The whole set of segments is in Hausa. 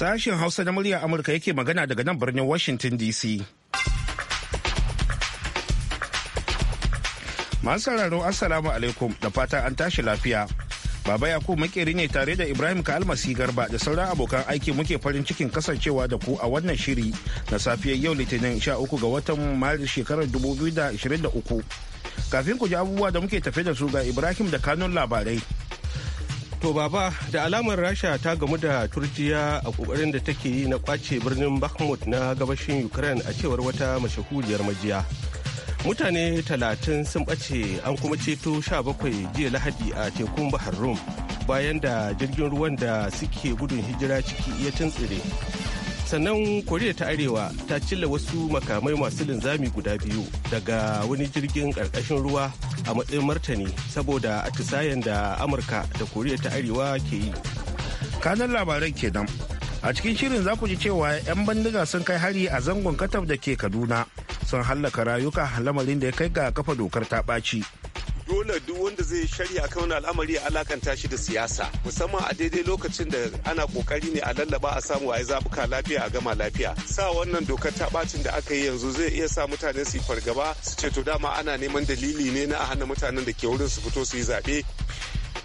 Sashen Hausa na murya Amurka yake magana daga nan birnin Washington DC. Masu sauraro Assalamu alaikum da fata an tashi lafiya. Baba Yakubu makeri ne tare da Ibrahim Kalmasi Garba da sauran abokan aiki muke farin cikin kasancewa da ku a wannan shiri na safiyar yau Litinin 13 ga watan Maris shekarar 2023. Kafin ku ji abubuwa da muke tafe da su ga Ibrahim da kanun labarai. To baba da alamar Rasha ta gamu da Turjiya a kokarin da take yi na kwace birnin Bakhmut na gabashin Ukraine a cewar wata mashahuriyar majiya. Mutane talatin sun ɓace an kuma ceto sha bakwai jiya lahadi a tekun Bahar Rum bayan da jirgin ruwan da suke gudun hijira ciki iya tuntsire. sannan koriya ta arewa ta cilla wasu makamai masu linzami guda biyu daga wani jirgin ƙarƙashin ruwa a matsayin martani saboda atisayen da amurka da koriya ta arewa ke yi kanan labaran kenan a cikin shirin za ku ji cewa 'yan bandiga sun kai hari a zangon katab da ke kaduna sun hallaka rayuka lamarin da ya kai ga kafa dokar ta ɓaci dole duk wanda zai shari'a kan wani al'amari ya alakanta shi da siyasa musamman a daidai lokacin da ana kokari ne a lallaba a samu a zabuka lafiya a gama lafiya sa wannan dokar ta bacin da aka yi yanzu zai iya sa mutane su yi fargaba su ce to dama ana neman dalili ne na a hana mutanen da ke wurin su fito su yi zaɓe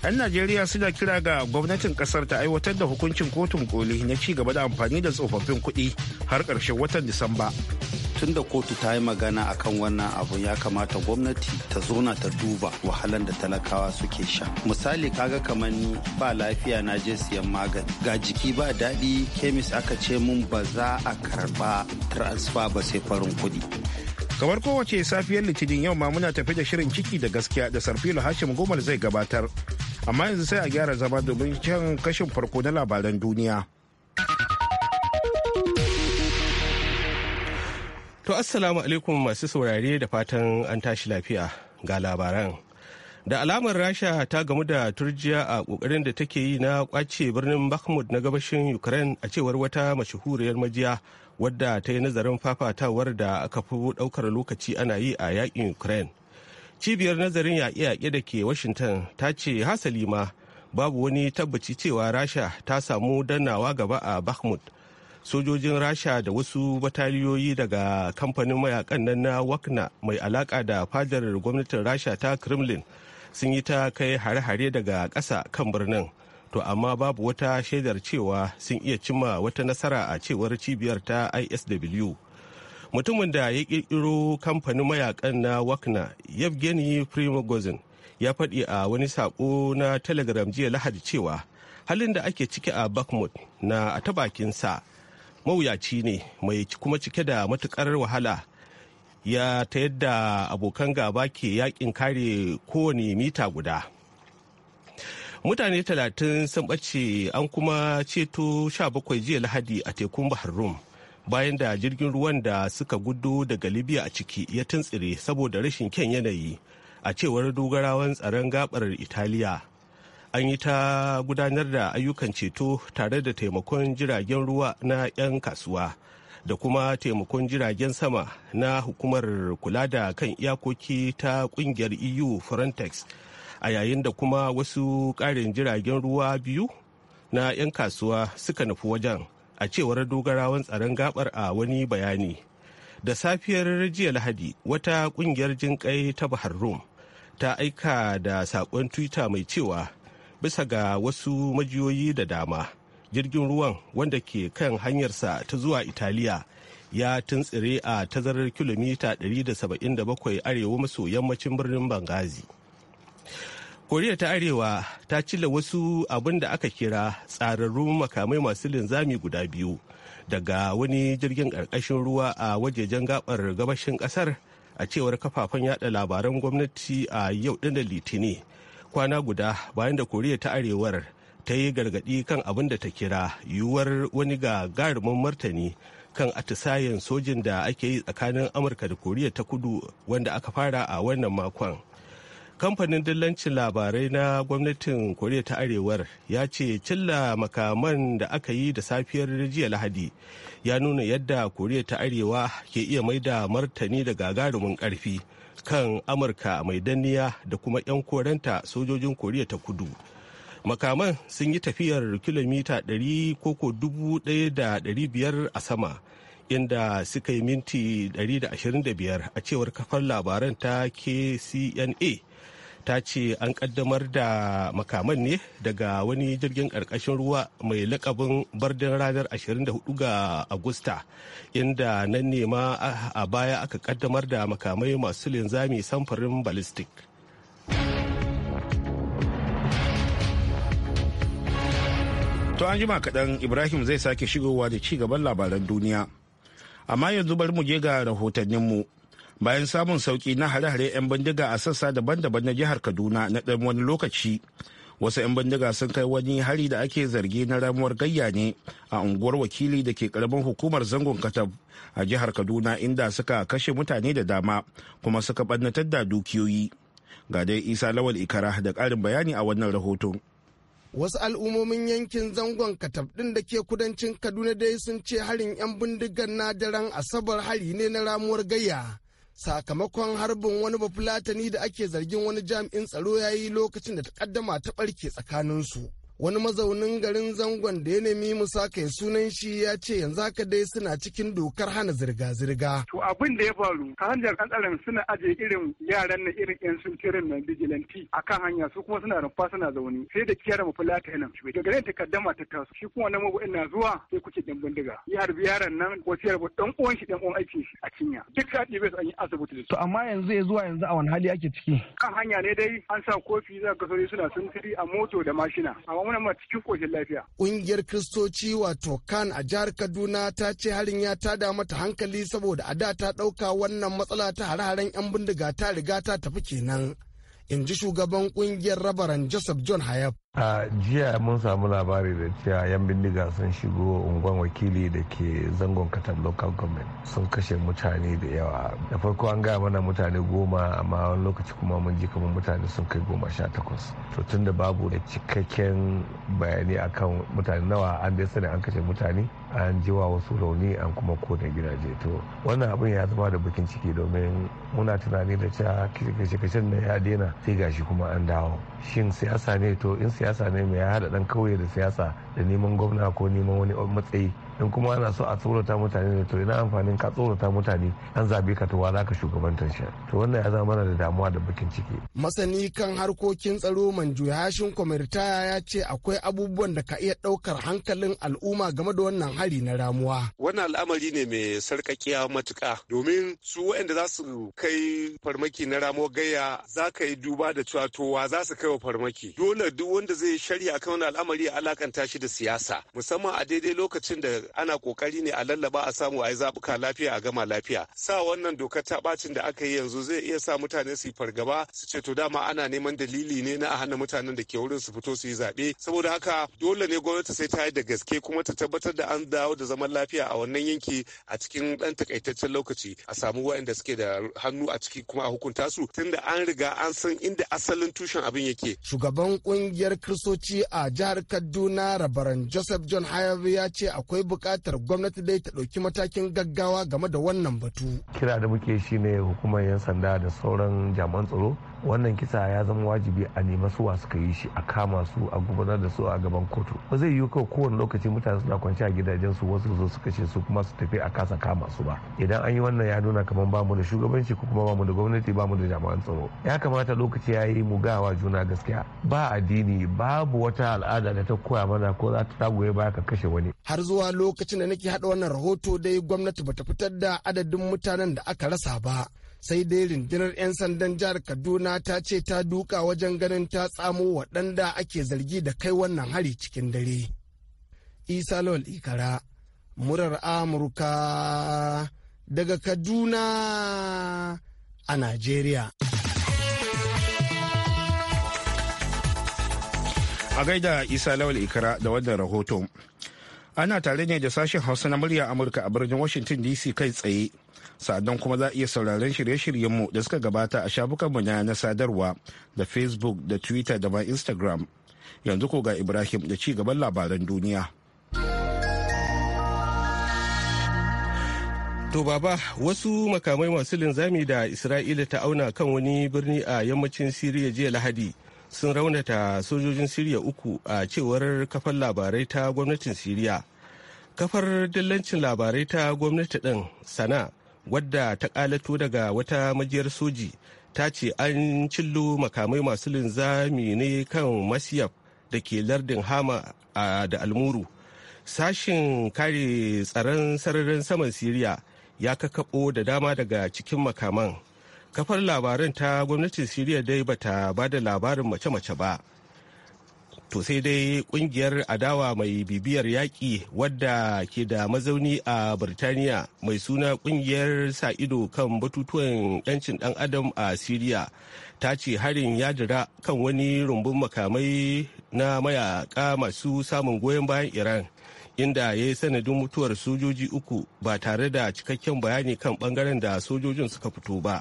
'yan najeriya suna kira ga gwamnatin kasar ta aiwatar da hukuncin kotun koli na ci gaba da amfani da tsofaffin kuɗi har karshen watan disamba tun da kotu ta yi magana akan wannan abun ya kamata gwamnati ta zona ta duba wahalan da talakawa suke sha misali kaga kamar ni ba lafiya na je siyan magani ga jiki ba daɗi kemis aka ce mun ba za a karba transfer ba sai farin kuɗi kamar kowace safiyar litinin yau ma muna tafi da shirin ciki da gaskiya da sarfilo hashim gomal zai gabatar amma yanzu sai a gyara zama domin shan kashin farko na labaran duniya To assalamu alaikum masu saurare da fatan an tashi lafiya ga labaran. Da alamar Rasha ta gamu da turjiya a kokarin da take yi na kwace birnin Bakhmut na gabashin Ukraine a cewar wata mashahuriyar majiya wadda ta yi nazarin fafatawar da aka fi daukar lokaci ana yi a yakin Ukraine. Cibiyar nazarin yaƙe-yaƙe da ke Washington ta ce hasali ma babu wani tabbaci cewa Rasha ta samu dannawa gaba a Bakhmut sojojin rasha da wasu bataliyoyi daga kamfanin mayakan nan na wakna mai alaka da fadar gwamnatin rasha ta kremlin sun yi ta kai hare-hare daga ƙasa kan birnin to amma babu wata shaidar cewa sun iya cimma wata nasara a cewar cibiyar ta isw mutumin da ya kirkiro kamfanin mayakan na wakna yevgeny primogozin ya faɗi a wani saƙo na telegram jiya lahadi cewa halin da ake ciki a bakmut na a ta sa. mawuyaci ne mai kuma cike da matukar wahala ya ta yadda abokan gaba ke yakin kare kowane mita guda mutane talatin sun ɓace an kuma ceto sha bakwai jiya lahadi a tekun bahar rum bayan da jirgin ruwan da suka gudu daga libya a ciki ya tuntsire saboda rashin kyan yanayi a cewar dogarawan tsaron gabar italiya an yi ta gudanar da ayyukan ceto tare da taimakon jiragen ruwa na 'yan kasuwa da kuma taimakon jiragen sama na hukumar kula da kan iyakoki ta kungiyar eu frontex a yayin da kuma wasu ƙarin jiragen ruwa biyu na 'yan kasuwa suka nufi wajen a cewar dogarawan tsaron gabar a wani bayani da safiyar jiya lahadi wata kungiyar jinƙai ta bahar rum ta aika da saƙon twitter mai cewa bisa ga wasu majiyoyi da dama jirgin ruwan wanda ke kan hanyarsa ta zuwa italiya ya tuntsire a tazarar kilomita 177 arewa maso yammacin birnin bangazi koriya ta arewa ta cilla wasu abin da aka kira tsararrun makamai masu linzami guda biyu daga wani jirgin ƙarƙashin ruwa a wajejen gabar gabashin ƙasar a cewar kafafen yada labaran gwamnati a yau ɗin litini kwana guda bayan da koriya ta arewar ta yi gargadi kan abin da ta kira yiwuwar wani gagarumin martani kan atisayen sojin da ake yi tsakanin amurka da koriya ta kudu wanda aka fara a wannan makon kamfanin dillancin labarai na gwamnatin koriya ta arewar ya ce cilla makaman da aka yi da safiyar jiya lahadi ya nuna yadda koriya ta arewa ke iya maida martani da gagarumin karfi kan amurka mai danniya da kuma 'yan koranta sojojin koriya ta kudu makaman sun yi tafiyar kilomita 100 koko 1,500 a sama inda suka yi minti 125 a cewar kafar labaran ta kcna ta ce an kaddamar da makaman ne daga wani jirgin karkashin ruwa mai lakabin bardin ranar 24 ga agusta inda nan ne ma a baya aka kaddamar da makamai masu linzami samfurin ballistic To an jima kaɗan Ibrahim zai sake shigowa da ci gaban labaran duniya. Amma yanzu bari mu je ga rahotanninmu. bayan samun sauki na hare-hare 'yan bindiga a sassa daban-daban na jihar kaduna na ɗan wani lokaci wasu 'yan bindiga sun kai wani hari da ake zargi na ramuwar gayya ne a unguwar wakili da ke karamin hukumar zangon katab a jihar kaduna inda suka kashe mutane da dama kuma suka ɓannatar da dukiyoyi ga dai isa lawal ikara da karin bayani a wannan rahoton wasu al'ummomin yankin zangon katab ɗin da ke kudancin kaduna dai sun ce harin 'yan bindigar na daren asabar hari ne na ramuwar gayya sakamakon harbin wani bafulatani da ake zargin wani jami'in tsaro ya yi lokacin da ta ƙaddama ta ɓarke tsakaninsu. wani mazaunin garin zangon da ya nemi mu sake sunan shi ya ce yanzu haka dai suna cikin dokar hana zirga-zirga. To abin da ya faru ta hanyar kan suna ajiye irin yaran na irin yan suntirin na vigilanti a kan hanya su kuma suna rumfa suna zaune sai da kiyar mu fulata nan. shi. garin takaddama ta taso shi kuma na mabu'in na zuwa sai kuke dan bindiga. Ya harbi yaran nan ko sai harbi dan uwan shi dan uwan aikin shi a cinya. Duk ka ɗibe su an yi asibiti. To amma yanzu ya zuwa yanzu a wani hali ake ciki. Kan hanya ne dai an sa kofi za ka suna suna a moto da mashina. muna ma cikin koshin lafiya. Ƙungiyar Kristoci wato kan a jihar Kaduna ta ce harin ya tada mata hankali saboda a da ta ɗauka wannan matsala ta hare-haren 'yan bindiga ta riga ta tafi kenan. In ji shugaban ƙungiyar Rabaran Joseph John Hayab. a jiya mun samu labari da cewa yan bindiga sun shigo unguwan wakili da ke zangon katam local government sun kashe mutane da yawa da farko an gaya mana mutane goma amma wani lokaci kuma mun ji kamar mutane sun kai goma sha takwas to tun da babu da cikakken bayani akan mutane nawa an dai sani an kashe mutane an ji wa wasu rauni an kuma kone gidaje to wannan abin ya zama da bakin ciki domin muna tunani da cewa kashe-kashen da ya daina sai gashi kuma an dawo shin siyasa ne to in siyasa siyasa ne mai ya haɗa ɗan kauye da siyasa da neman gwamna ko neman wani matsayi in kuma ana so a tsorata mutane da to ina amfanin ka tsorata mutane an zabe ka to wala ka shugabantar shi to wannan ya zama da damuwa da bakin ciki masani kan harkokin tsaro manju hashin kwamirtaya ya ce akwai abubuwan da ka iya daukar hankalin al'umma game da wannan hari na ramuwa wannan al'amari ne mai sarkakiya matuka domin su waɗanda za su kai farmaki na ramo gaya za ka yi duba da cewa to wa za su kai wa farmaki dole duk wanda zai shari'a kan wannan al'amari ya alakanta shi da siyasa musamman a daidai lokacin da ana kokari ne a lallaba a samu a yi zaɓuka lafiya a gama lafiya sa wannan dokar ta bacin da aka yi yanzu zai iya sa mutane su fargaba su ce to dama ana neman dalili ne na a hana mutanen da ke wurin su fito su yi zaɓe saboda haka dole ne gwamnati sai ta yi da gaske kuma ta tabbatar da an dawo da zaman lafiya a wannan yanki a cikin ɗan takaitaccen lokaci a samu waɗanda suke da hannu a ciki kuma a hukunta su tunda an riga an san inda asalin tushen abin yake. Shugaban kungiyar Kiristoci a jihar Kaduna Rabaran Joseph John Hayabu ya ce akwai buƙatar gwamnati dai ta ɗauki matakin gaggawa game da wannan batu. Kira da muke shi ne hukumar 'yan sanda da sauran jami'an tsaro wannan kisa ya zama wajibi a nema suwa suka yi shi a kama su a gudanar da su a gaban kotu ba zai yiwu kawai kowane lokaci mutane suna kwance a gidajen su wasu zo su kashe su kuma su tafi a kasa kama su ba idan an yi wannan ya nuna kamar bamu da shugabanci ko kuma bamu da gwamnati bamu da jami'an tsaro ya kamata lokaci ya yi mu gawa juna gaskiya ba addini babu wata al'ada da ta koya mana ko za ta goye baya ka kashe wani har zuwa lokacin da nake haɗa wannan rahoto dai gwamnati bata fitar da adadin mutanen da aka rasa ba sai dai rundunar 'yan sandan jihar kaduna ta ce ta duka wajen ganin ta tsamo waɗanda ake zargi da kai wannan hari cikin dare isa lawal ikara murar amurka daga kaduna a nigeria. a gaida isa lawal ikara da wannan rahoton ana tare ne da sashen hausa na murya amurka a birnin washington dc kai tsaye sadan kuma za a iya sauraron shirye-shiryenmu da suka gabata a shafukanmu na na sadarwa da facebook da twitter da ma instagram yanzu ko ga ibrahim da ci gaban labaran duniya to baba wasu makamai masu linzami da isra'ila ta auna kan wani birni a yammacin siriya jiya lahadi sun raunata sojojin siriya uku a cewar kafar labarai ta gwamnatin siriya kafar dillancin labarai ta gwamnati ɗin sana wadda ta kalato daga wata majiyar soji ta ce an cillo makamai masu linzami ne kan masiyaf da ke lardin hama da almuru sashin kare tsaron sararin saman siriya ya kakaɓo da dama daga cikin makaman kafar labaran ta gwamnatin siriya dai bata ba da labarin mace-mace ba to sai dai kungiyar adawa mai bibiyar yaƙi wadda ke da mazauni a birtaniya mai suna kungiyar sa ido kan batutuwan 'yancin dan adam a siriya ta ce harin ya jira kan wani rumbun makamai na mayaka masu samun goyon bayan iran inda ya yi sanadin mutuwar sojoji uku ba tare da cikakken bayani kan bangaren da sojojin suka fito ba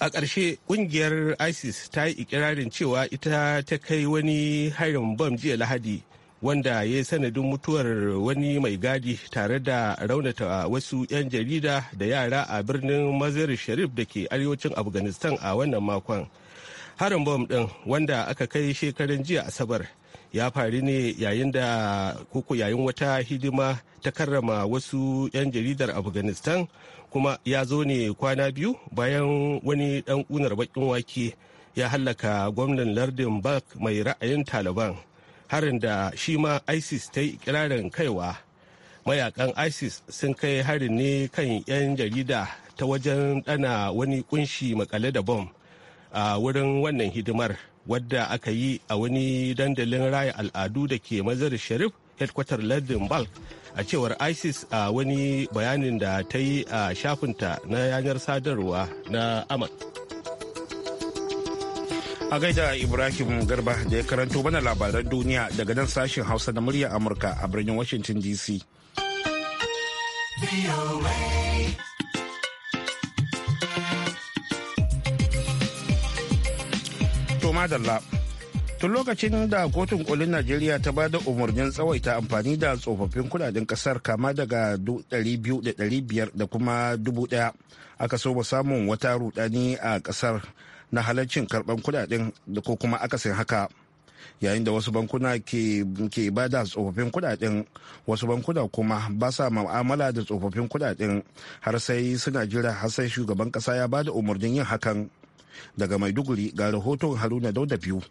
a ƙarshe ƙungiyar isis ta yi ikirarin cewa ita ta kai wani harin bom jiya lahadi wanda ya yi sanadin mutuwar wani mai gadi tare da raunata wasu 'yan jarida da yara a birnin mazar sharif da ke arewacin afghanistan a wannan makon harin bom ɗin wanda aka kai shekaran jiya asabar ya faru ne yayin da koko yayin wata hidima ta karrama wasu 'yan jaridar afghanistan kuma ya zo ne kwana biyu bayan wani dan kunar bakin wake ya hallaka gwamnan lardin bak mai ra'ayin taliban harin da shi ma isis ta yi ikirarin kaiwa mayakan isis sun kai harin ne kan 'yan jarida ta wajen dana wani kunshi makale da bom a wurin wannan hidimar wadda aka yi a wani dandalin raya al'adu da ke mazar sharif headquarter lardin balk a cewar isis a wani bayanin da ta yi a shafinta na yanar sadarwa na amal a gaida ibrahim garba da ya karanto mana labaran duniya daga nan sashen hausa da murya amurka a birnin washington dc To madalla. Tun lokacin da kotun kolin Najeriya ta ba da umarnin tsawaita amfani da tsofaffin kudaden kasar kama daga 200,500 da kuma 1,000 aka so ba samun wata rudani a kasar na halarcin karban kudaden da ko kuma akasin haka. Yayin da wasu bankuna ke ba da tsofaffin kudaden wasu bankuna kuma ba sa ma'amala da tsofaffin kudaden har sai suna jira har sai shugaban kasa ya ba da umarnin yin hakan. Daga Maiduguri ga rahoton Haruna Dauda biyu.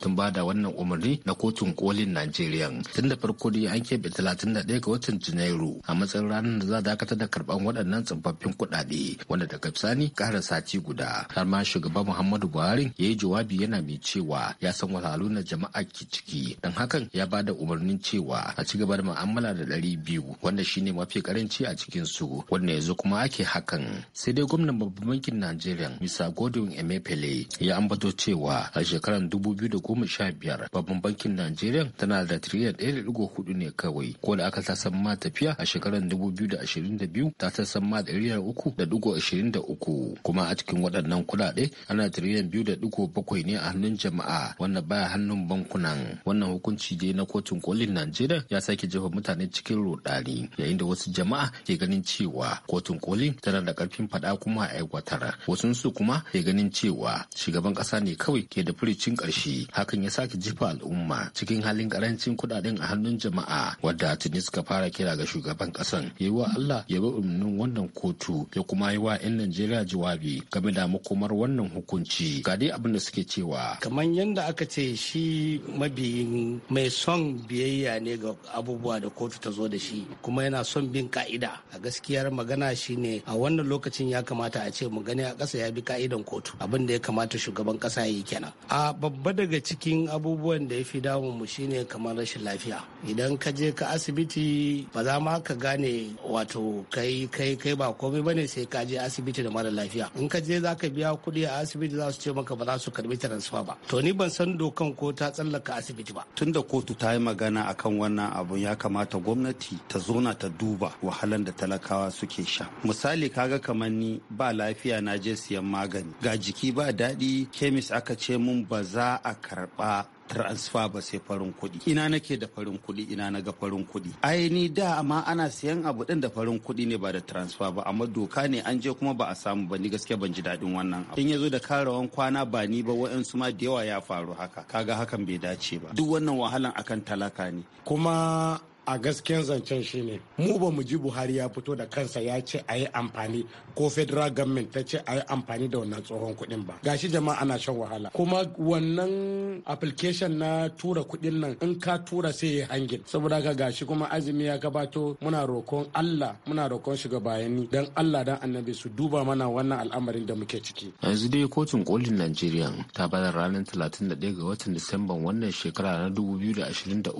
tun bada wannan umarni na kotun kolin najeriya tun da farko dai an keɓe 31 ga watan janairu a matsayin ranar da za a dakatar da karban waɗannan tsofaffin kuɗaɗe wanda daga bisani ƙara sati guda har ma shugaba muhammadu buhari ya yi jawabi yana mai cewa ya san wahalhalu na jama'a ke ciki Dan hakan ya ba da umarnin cewa a ci gaba da mu'amala da ɗari biyu wanda shine mafi karanci a cikin su wanda yanzu kuma ake hakan sai dai gwamnan babban bankin najeriya mr godwin Emefiele ya ambato cewa a shekarar dubu goma sha biyar babban bankin najeriya tana da tiriliyan ɗaya da ɗigo hudu ne kawai ko da aka sassan ma tafiya a shekarar dubu biyu da ashirin da biyu ta sassan ma tiriliyan uku da ɗigo ashirin da uku kuma a cikin waɗannan kuɗaɗe ana tiriliyan biyu da ɗigo bakwai ne a hannun jama'a wanda baya hannun bankunan wannan hukunci dai na kotun kolin najeriya ya sake jefa mutane cikin rudani yayin da wasu jama'a ke ganin cewa kotun kolin tana da karfin faɗa kuma a aiwatar wasu su kuma ke ganin cewa shugaban ƙasa ne kawai ke da furicin ƙarshe hakan ya sake jifa al'umma cikin halin karancin kudaden a hannun jama'a wadda tuni suka fara kira ga shugaban kasan yi Allah ya bi umarnin wannan kotu ya kuma yi wa 'yan Najeriya jawabi game da makomar wannan hukunci ga dai abin da suke cewa kamar yadda aka ce shi mabiyin mai son biyayya ne ga abubuwa da kotu ta zo da shi kuma yana son bin ka'ida a gaskiyar magana shine a wannan lokacin ya kamata a ce mu gani a ƙasa ya bi ka'idan kotu abin da ya kamata shugaban ƙasa ya yi kenan a babba daga cikin abubuwan da ya fi damun mu shine kamar rashin lafiya idan ka je ka asibiti ba za ma ka gane wato kai kai kai ba komai bane sai ka je asibiti da mara lafiya in ka je zaka biya kuɗi a asibiti za su ce maka ba za su karbi transfer ba to ni ban san dokan ko ta tsallaka asibiti ba tunda kotu ta yi magana akan wannan abun ya kamata gwamnati ta zona ta duba wahalan da talakawa suke sha misali kaga kamar ni ba lafiya na je siyan magani ga jiki ba daɗi kemis aka ce mun ba za a karɓa transfer ba sai farin kuɗi ina nake da farin kuɗi ina naga farin kuɗi ai ni da amma ana siyan abu din da farin kuɗi ne ba da transfer ba amma doka ne an je kuma ba a samu ba ni gaskiya ban ji daɗin wannan abu in zo da karawan kwana ba ni ba waɗansu ma da yawa ya faru haka kaga hakan bai dace ba duk wannan wahalan akan talaka ne kuma a gaskiyan zancen shi ne. mu ba mu ji buhari ya fito da kansa ya ce a yi amfani ko federal government ta ce a yi amfani da wannan tsohon kuɗin ba gashi jama'a ana shan wahala kuma wannan application na tura kuɗin nan in ka tura sai ya hangin saboda ka gashi kuma azumi ya gabato muna rokon allah muna rokon bayani dan allah dan annabi su duba mana wannan al'amarin da muke ciki yanzu dai kotun kolin najeriya ta bada ranar 31 ga watan disamban wannan shekara na 2023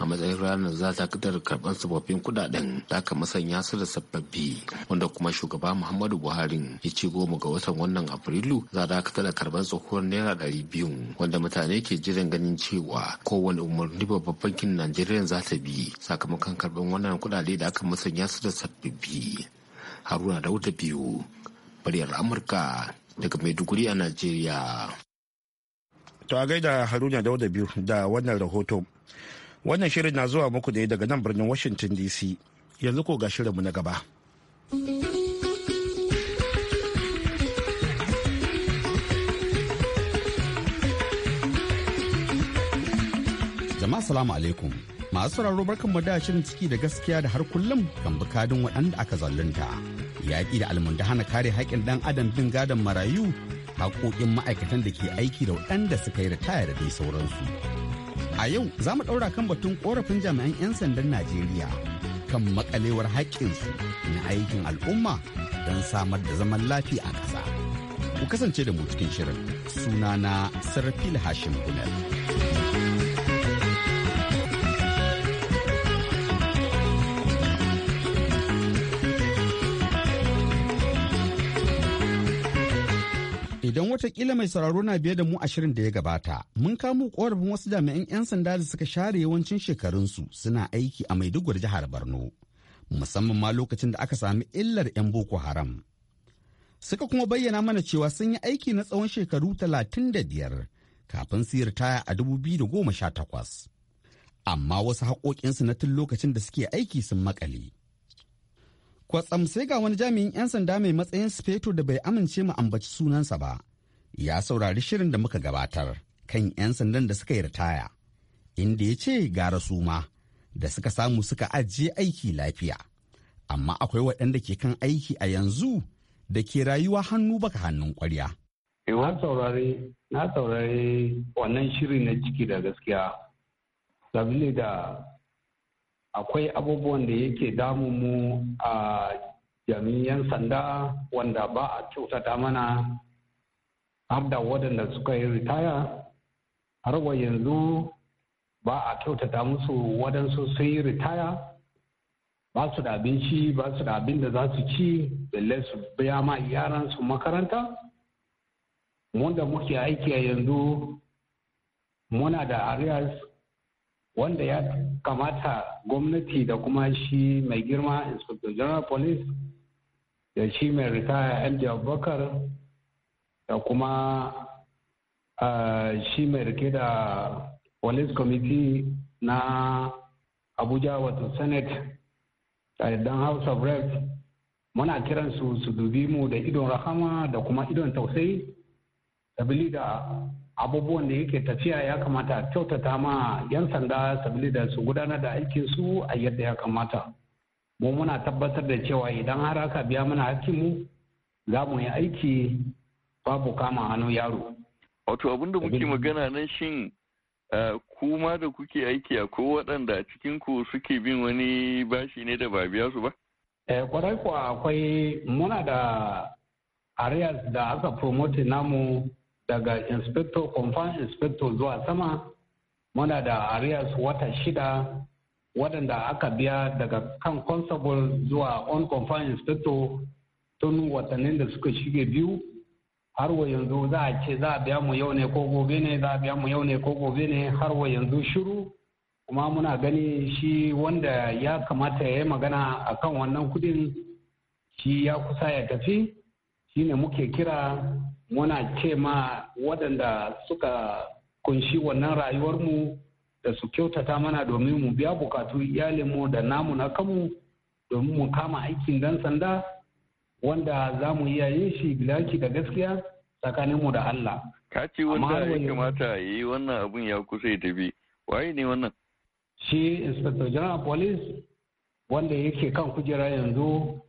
a matsayin ranar za dakatar karɓar sababbin kudaden da aka masanya su da sababbi wanda kuma shugaba muhammadu buhari ya ce goma ga watan wannan afrilu za a dakatar da karɓar tsohuwar naira ɗari biyu wanda mutane ke jiran ganin cewa kowane umarni babban bankin najeriya za ta bi sakamakon karɓar wannan kudade da aka masanya su da sababbi haruna dauda biyu muryar amurka daga maiduguri a najeriya to a gaida haruna dauda biyu da wannan rahoton Wannan shirin na zuwa muku ne daga nan birnin Washington DC. Yanzu ko ga shirinmu na gaba. Jama'a salamu alaikum. Masu sauraro barkan mu da shirin ciki da gaskiya da har kullum kan bukadin waɗanda aka zalunta. Yaƙi da almunda hana kare haƙƙin ɗan adam bin gadon marayu haƙoƙin ma'aikatan da ke aiki da waɗanda suka yi ritaya da dai sauransu. A yau za mu ɗaura kan batun ƙorafin jami'an 'yan sandan Najeriya kan makalewar haƙƙinsu na aikin al'umma don samar da zaman lafiya a ƙasa. Ku kasance da mu cikin shirin suna na Sarfil Hashim Gunar. Idan watakila mai sauraro na biye da mu ashirin da ya gabata, mun kamo korafin wasu jami'an 'yan sanda da suka share yawancin shekarunsu suna aiki a Maiduguri jihar Borno, musamman ma lokacin da aka sami illar 'yan Boko Haram. Suka kuma bayyana mana cewa sun yi aiki na tsawon shekaru talatin da biyar kafin su yi ritaya a dubu biyu da goma sha takwas. Amma wasu haƙoƙinsu na tun lokacin da suke aiki sun maƙale. kwatsam sai ga wani jami'in 'yan sanda mai matsayin sufeto da bai amince mu ambaci sunansa ba ya saurari shirin da muka gabatar kan 'yan sandan da suka yi ritaya inda ya ce gara suma da suka samu suka ajiye aiki lafiya amma akwai waɗanda ke kan aiki a yanzu da ke rayuwa hannu baka hannun kwarya. Eh, na saurari na saurari wannan shiri na ciki da gaskiya sabili da akwai abubuwan da yake damu mu a jami'an sanda wanda ba a kyautata mana har da waɗanda suka yi ritaya har wa yanzu ba a kyautata musu waɗansu sun yi ritaya ba su da abinci ba su da abin da za su ci balle su biya ma yaransu makaranta wanda muke aiki a yanzu muna da arias wanda ya kamata gwamnati da kuma shi mai girma inspector general police da shi mai ritaya md abubakar da kuma shi mai rike da police committee na abuja wato senate dan house of reps muna kiran su su dubi mu da idon rahama da kuma idon tausayi sabili da abubuwan da yake tafiya ya kamata kyautata ma 'yan sanda sabili da su gudanar da aikin su a yadda ya kamata mu muna tabbatar da cewa idan har aka biya mana mu za mu yi aiki babu kama hannu yaro wato abinda muke magana nan shin kuma da kuke aiki a ko waɗanda cikin ku suke bin wani bashi ne da ba biya su ba eh, kwarai kuwa akwai muna da areas da aka promote namu daga inspector confirm inspector zuwa sama muna da areas wata shida waɗanda aka biya daga kan constable zuwa on confirm inspector tun watannin da suka shige biyu har wa yanzu za a ce za a biya mu yau ne ko gobe ne za a biya mu yau ne ko gobe ne har wa yanzu shiru kuma muna gani shi wanda ya kamata ya yi magana a kan wannan kudin shi ya kusa ya tafi shi ne muke kira muna ce ma waɗanda suka kunshi wannan rayuwarmu da su kyautata mana domin mu biya bukatu iyalinmu da namu na kanmu domin mu kama aikin dan sanda wanda za mu iya yin shi bilaki da gaskiya tsakaninmu da Allah. Ka ce wanda ya kamata yi wannan abun ya kusa ya tafi. Waye ne wannan? Shi Inspector General Police wanda yake kan kujera yanzu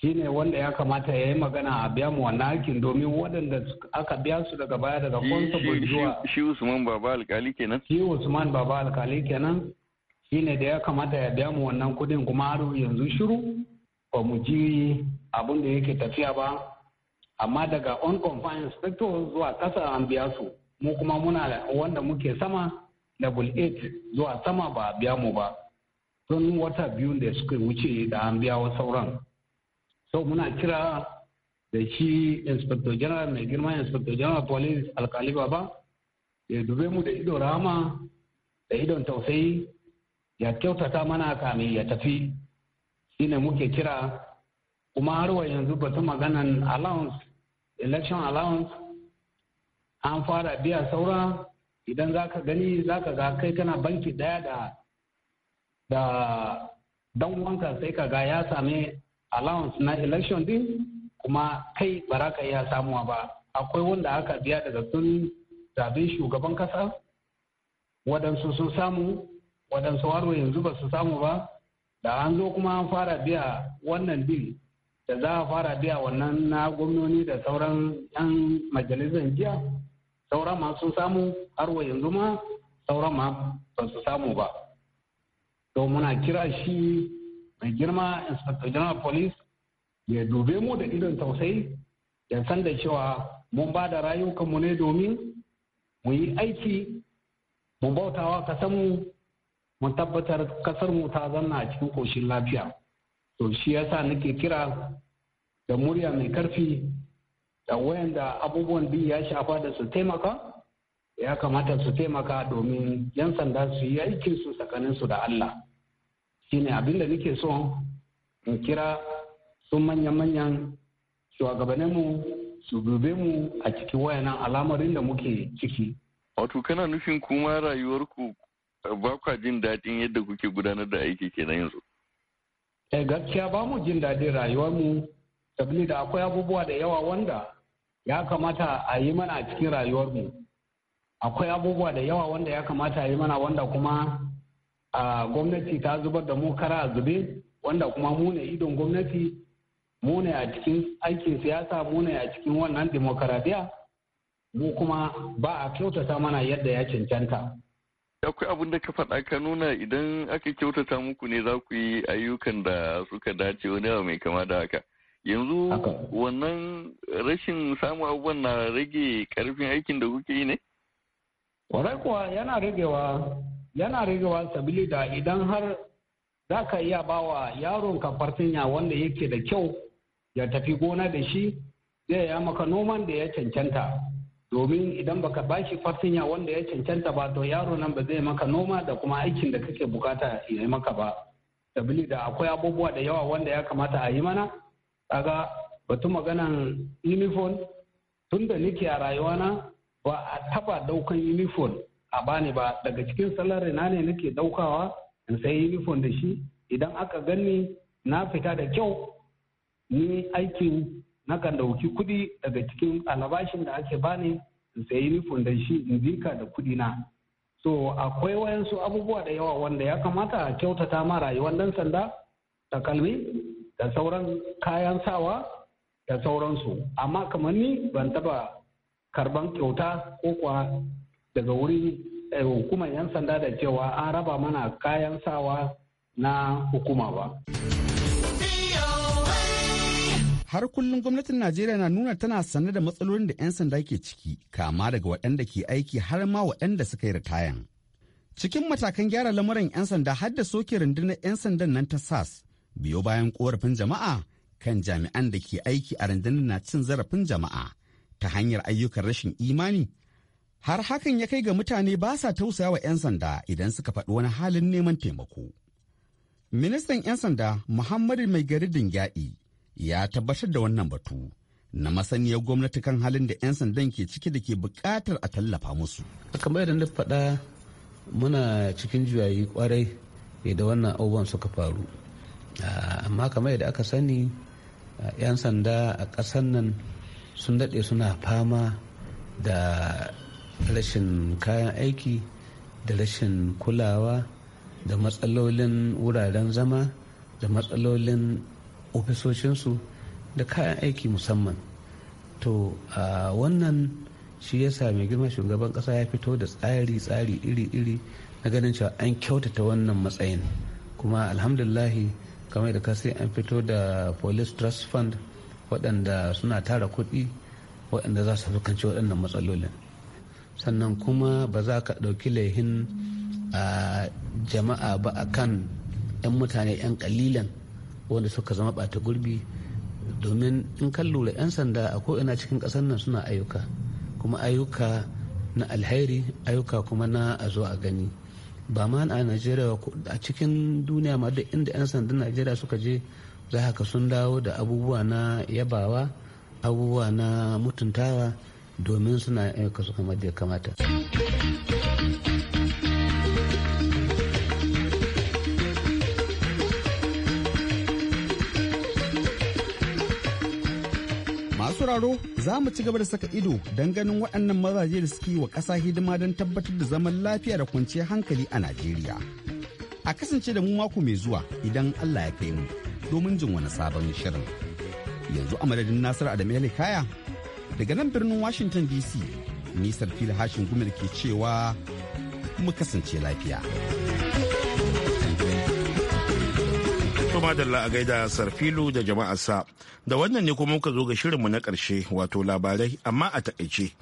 shi ne wanda ya kamata ya yi magana a biya mu wannan hakin domin waɗanda aka biya su daga baya daga constable zuwa. Shi Usman Baba Alkali kenan? Shi Usman Baba Alkali kenan. Shi ne da ya kamata ya biya mu wannan kudin kuma har yanzu shiru. ba mu ji abin da yake tafiya ba amma daga on confined inspector zuwa kasa an biya su mu kuma muna wanda muke sama level 8 zuwa sama ba biya mu ba don wata biyu da suka wuce da an biya wa sauran so muna kira da shi inspector general mai girma inspector general police alkali ba ya dube mu da ido rama da idon tausayi ya kyautata mana kame ya tafi shine muke kira kuma har wa yanzu batu maganan allowance election allowance an fara biya saura idan za ka gani za ka ga kai kana banki daya da da dan wanka sai ka ga ya sami allowance na election din kuma kai ba za ka iya samuwa ba akwai wanda aka biya daga sun zaben shugaban kasa waɗansu sun samu waɗansu har yanzu ba su samu ba da an zo kuma an fara biya wannan bil da za a fara biya wannan na gwamnoni da sauran 'yan majalisar jiya sauran ma sun samu har wa yanzu ma sauran ma ba su samu ba to muna kira shi mai girma inspector general police ya dube mu da idon tausayi ya san da cewa mun ba da rayukanmu ne domin mu yi aiki mu bautawa kasanmu mun tabbatar kasar mu ta zanna a cikin koshin lafiya to shi yasa nake kira da murya mai karfi da wayanda abubuwan biyu ya shafa da su taimaka ya kamata su taimaka domin yan sanda su yi aikin su tsakanin su da Allah shine abin da nake so in kira sun manyan-manyan shugabanninmu su dube mu a cikin wayannan alamarin da muke ciki. Wato kana nufin kuma rayuwar ku? ba kwa jin daɗin yadda kuke gudanar da aiki kenan yanzu. Eh gaskiya ba mu jin daɗin rayuwarmu saboda akwai abubuwa da yawa wanda ya kamata a yi mana a cikin rayuwarmu. Akwai abubuwa da yawa wanda ya kamata a yi mana wanda kuma a gwamnati ta zubar da mu kara a zube wanda kuma mu ne idon gwamnati mu ne a cikin aikin siyasa mu ne a cikin wannan demokaradiyya mu kuma ba a kyautata mana yadda ya cancanta. akwai abin da ka faɗa ka nuna idan aka kyautata muku ne za ku yi ayyukan da suka dace wani abu mai kama da haka yanzu wannan rashin samun abubuwan na rage karfin aikin da kuke yi ne kwarai kuwa yana ragewa yana ragewa sabili da idan har za ka iya bawa yaron ka wanda yake da kyau ya tafi gona da shi zai ya maka noman da ya cancanta domin idan baka bashi ya wanda ya cancanta ba to yaro nan ba zai maka noma da kuma aikin da kake bukata ya yi maka ba sabili da akwai abubuwa da yawa wanda ya kamata a yi mana kaga batu maganan unifon tun da nike a na ba a taba daukan unifon a bani ba daga cikin salari na ne nake daukawa in sai unifon da shi idan aka gani na fita da kyau ni aikin na kan dauki kuɗi daga cikin alabashin da ake bani in sayi nufin da shi in zika da kuɗi na so akwai wayansu abubuwa da yawa wanda ya kamata a kyautata ma rayuwar dan sanda kalmi da sauran kayan sawa da sauransu amma kamar ni ban taba karban kyauta ko kuwa daga wurin eh, hukumar 'yan sanda da cewa an raba mana kayan sawa na hukuma ba. har kullum gwamnatin najeriya na nuna tana sane da matsalolin da 'yan sanda ke ciki kama daga waɗanda ke aiki har ma waɗanda suka yi ritayan cikin matakan gyara lamuran 'yan sanda har da soke rundunar 'yan sandan nan ta sas biyo bayan korafin jama'a kan jami'an da ke aiki a rundunar na cin zarafin jama'a ta hanyar ayyukan rashin imani har hakan ya kai ga mutane ba sa tausaya wa 'yan sanda idan suka faɗi wani halin neman taimako ministan 'yan sanda muhammadu mai gari dingyadi ya tabbatar da wannan batu na masaniyar gwamnati kan halin da 'yan sandan ke ciki da ke bukatar a tallafa musu. kamar yadda na faɗa muna cikin juyayi kwarai da wannan abubuwan suka faru ah, amma kamar yadda aka sani ah, 'yan sanda a ƙasar nan sun daɗe suna fama da rashin kayan aiki da rashin kulawa da matsalolin wuraren zama da matsalolin ofisoshinsu da kayan aiki musamman to a wannan shi ya sami girma shugaban kasa ya fito da tsari-tsari iri-iri na ganin cewa an kyautata wannan matsayin kuma alhamdulahi kamar da kasai an fito da police trust fund waɗanda suna tara kuɗi waɗanda za su fukanci waɗannan matsalolin sannan kuma ba za ka ɗauki laihin a jama'a ba a kan 'yan mutane 'yan kalilan wanda suka zama bata gurbi domin in kan lura 'yan sanda a ko'ina cikin kasar nan suna ayyuka kuma ayyuka na alheri ayyuka kuma na a zo a gani ba ma a najeriya a cikin duniya ma duk inda 'yan sandan najeriya suka je za haka sun dawo da abubuwa na yabawa abubuwa na mutuntawa domin suna ayyuka su kamar da ya kamata Masu raro za mu ci gaba da saka ido don ganin waɗannan mazaje da suke wa ƙasa hidima don tabbatar da zaman lafiya da kwanciyar hankali a Najeriya. A kasance da mu mako mai zuwa idan Allah ya kai mu domin jin wani sabon shirin. Yanzu a madadin Nasiru Adamu Kaya daga nan birnin Washington DC nisar fili hashin gumil ke cewa mu kasance lafiya. madalla a gaida sarfilu da jama'arsa da wannan ne kuma muka zo ga shirinmu na ƙarshe wato labarai amma a takaice.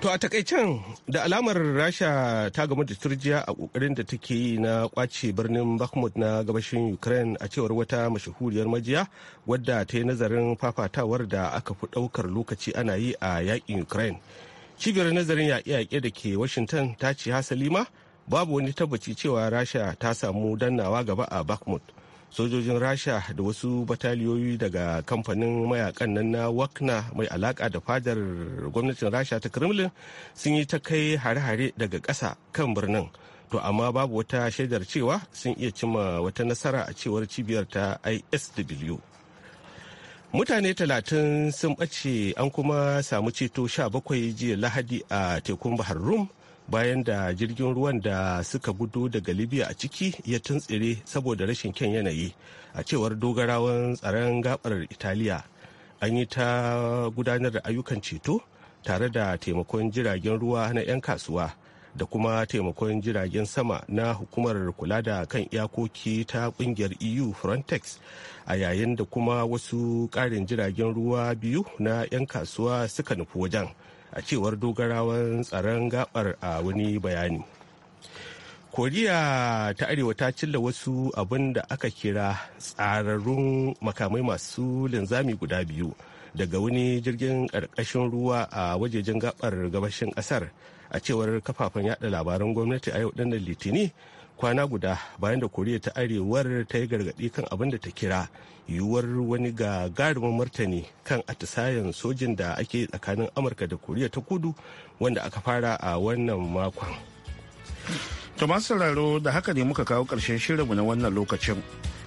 To a takaicen da alamar Rasha ta gamu da turjiya a kokarin da take yi na kwace birnin Bakhmut na gabashin Ukraine a cewar wata mashahuriyar majiya wadda ta yi nazarin fafatawar da aka fi daukar lokaci ana yi a yakin Ukraine. Cibiyar nazarin yaƙe-yaƙe da ke Washington ta ce hasali ma babu wani tabbaci cewa rasha ta samu dannawa gaba a bakhmut sojojin rasha da wasu bataliyoyi daga kamfanin mayakan nan na wakna mai alaka da fadar gwamnatin rasha ta kremlin sun yi ta kai hare-hare daga ƙasa kan birnin to amma babu wata shaidar cewa sun iya cimma wata nasara a cewar cibiyar ta isw mutane talatin sun ɓace an kuma samu ceto sha bakwai jiya lahadi a tekun bahar rum bayan da jirgin ruwan da suka gudu daga libya a ciki ya tuntsire saboda rashin kyan yanayi a cewar dogarawan tsaron gabar italiya an yi ta gudanar da ayyukan ceto tare da taimakon jiragen ruwa na 'yan kasuwa da kuma taimakon jiragen sama na hukumar kula da kan iyakoki ta kungiyar eu frontex a yayin da kuma wasu karin jiragen ruwa biyu na 'yan kasuwa suka nufi wajen. a cewar dogarawan tsaron gabar a wani bayani koriya ta arewa ta cilla wasu abin da aka kira tsararrun makamai masu linzami guda biyu daga wani jirgin ƙarƙashin ruwa a wajejen gabar gabashin ƙasar a cewar kafafen yada labaran gwamnati a yau ɗannan litini kwana guda bayan da koriya ta arewar ta yi gargaɗi kan abin da ta kira yiwuwar wani ga gagarumin martani kan atisayen sojin da ake tsakanin amurka da koriya ta kudu wanda aka fara a wannan makon to da haka ne muka kawo ƙarshen shirinmu na wannan lokacin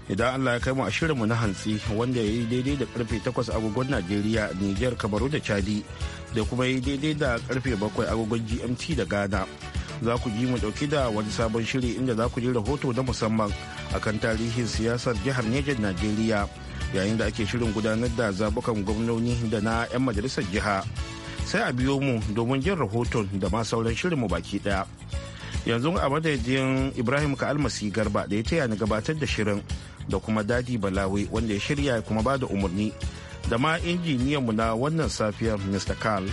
idan allah ya kai mu a shirinmu na hantsi wanda ya yi daidai da karfe 8 agogon najeriya niger kamaru da chadi da kuma yi daidai da karfe 7 agogon gmt da ghana za ku ji mu dauki da wani sabon shiri inda za ku ji rahoto na musamman akan tarihin siyasar jihar Nejan Najeriya yayin da ake shirin gudanar da zabukan gwamnoni da na 'yan majalisar jiha. Sai a biyo mu domin jin rahoton da ma sauran shirin mu baki daya. Yanzu a madadin Ibrahim Ka'almasi Garba da ya taya ni gabatar da shirin da kuma Dadi Balawi wanda ya shirya kuma ba da umarni da ma mu na wannan safiyar Mr. Carl.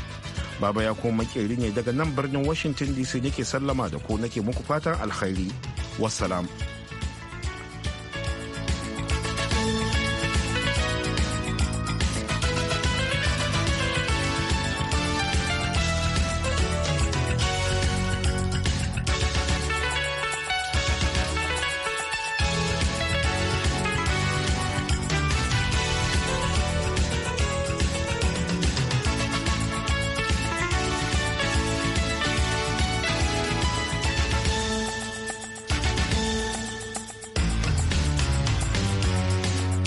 Baba ya kuma makeri ne daga nan birnin Washington DC nake sallama da ku nake muku fatan alkhairi. Wassalam.